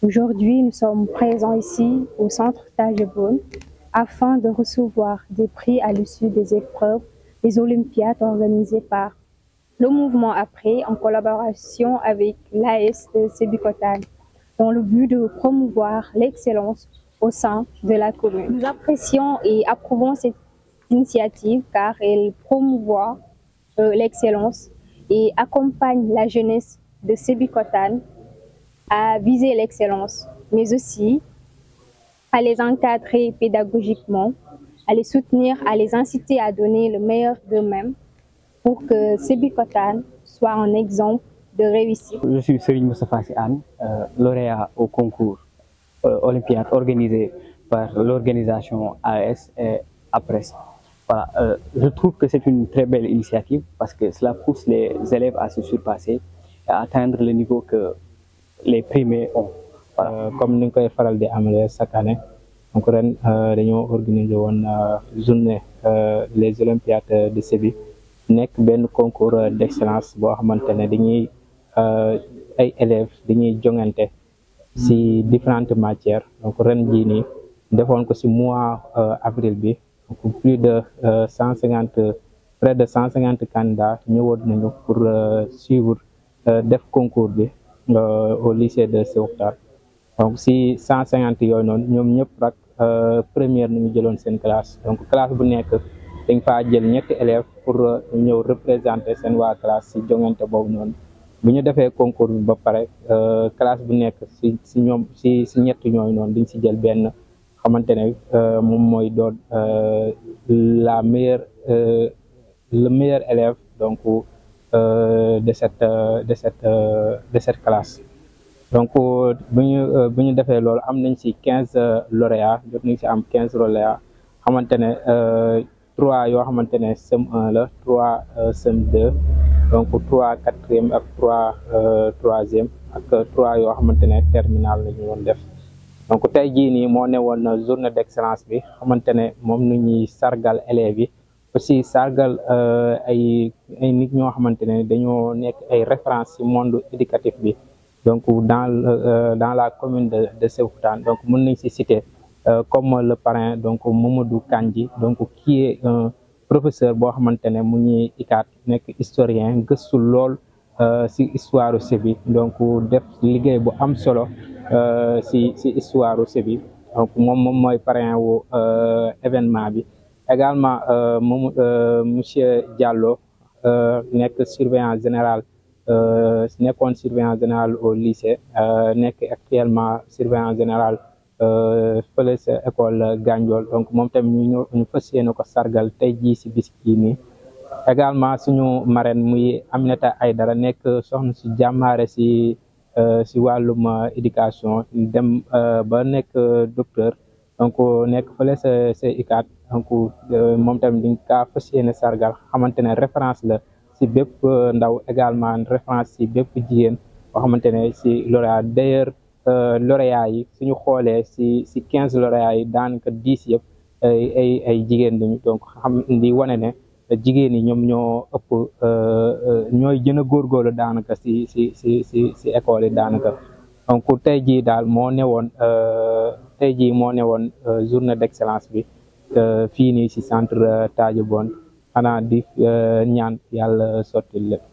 Aujourd'hui, nous sommes présents ici au centre Tâche-Bonne afin de recevoir des prix à l'issue des épreuves des Olympiades organisées par le mouvement Après en collaboration avec l'AS de Sébicotane dans le but de promouvoir l'excellence au sein de la commune. Nous apprécions et approuvons cette initiative car elle promouvoit euh, l'excellence et accompagne la jeunesse de Sebikotan à viser l'excellence, mais aussi à les encadrer pédagogiquement, à les soutenir, à les inciter à donner le meilleur d'eux-mêmes pour que Sébikotan soit un exemple de réussite. Je suis Serine Moustapha Anne, euh, lauréat au concours euh, olympiade organisé par l'organisation AS et APRES. Euh, je trouve que c'est une très belle initiative parce que cela pousse les élèves à se surpasser, à atteindre le niveau que les primés ont voilà mm-hmm. comme ni nga koy faral di amalee chaque année donc ren euh, dañoo organiser une euh, journée euh, les olympiades de Séville nekk benn concours d'excellence boo xamante ne ay élèves dañuy jongante si mm-hmm. différentes matières donc ren jii nii defoon ko si mois avril bi donc plus de 150, près de 150 candidats ñëwoon nañu pour suivre def concours de Euh, au lycée de Sewuktar donc si cent cinquante yooyu noonu ñoom ñëpp rak euh, première nu ñu jëloon seen classe donc classe bu nekk dañ faa jël ñetti élève pour euh, ñëw représenter seen waa classe si jongante boobu noonu bu ñu defee concours ba pare classe bu nekk si si ñoom si si ñett ñooyu noonu dañ si jël benn xamante ne moom mooy doon la meilleure le meilleur élève donc Euh, de cette euh, de cette euh, de cette classe donc bu bu ñu defee loolu am nañ ci quinze lauréats jot nañ ci am quinze lauréats xamante ne trois yoo xamante ne sem 1 la trois sem 2 donc trois quatrième ak trois troisième ak trois yoo xamante ne terminal la ñu woon def donc tey jii nii journée d'excellence bi xamante ne moom nu ñuy sargal élèves yi aussi sargal euh, ay ay nit ñoo xamante ne dañoo nekk ay référence ci monde éducatif bi donc dans euh, dans la commune de de Sébikotane donc mën nañ ci citer euh, comme le parrain donc Mamadou Kandji donc qui est un professeur boo xamante ne mu ñuy ICAT nekk historien gëstu lool si histoire Sébi donc def liggéey bu am solo ci ci histoire Sébi donc moom moom mooy parrain wu événement bi également euh, euh, monsieur Diallo que euh, surveillant général qu'un euh, surveillant général au lycée nekk actuellement surveillant général euh sa école Gandiol donc moom tamit ñu ñu fas yéene sargal tay ji ci biski ni également suñu marraine muy Aminata Aydara nekk soxna si ci euh ci walum éducation dem ba nek docteur donc euh, nekk fële sa sa ICAT donc euh, moom tamit di kaa fas yéene sargal xamante ne référence la si bépp euh, ndaw également référence si bépp jigéen boo xamante ne si lauréat d'ailleurs lauréat yi suñu xoolee si si quinze lauréat yi daanaka dix yëpp ay ay ay jigéen lañu donc xam di wane ne jigéen yi ñoom ñoo ëpp ñooy gën a góorgóorlu daanaka si si si si si école yi daanaka donc tey jii daal moo newoon tey jii moo ne woon euh, journée d'excellence bi fii nii ci centre euh, Tadja bon xanaa di euh, ñaan yàlla sotti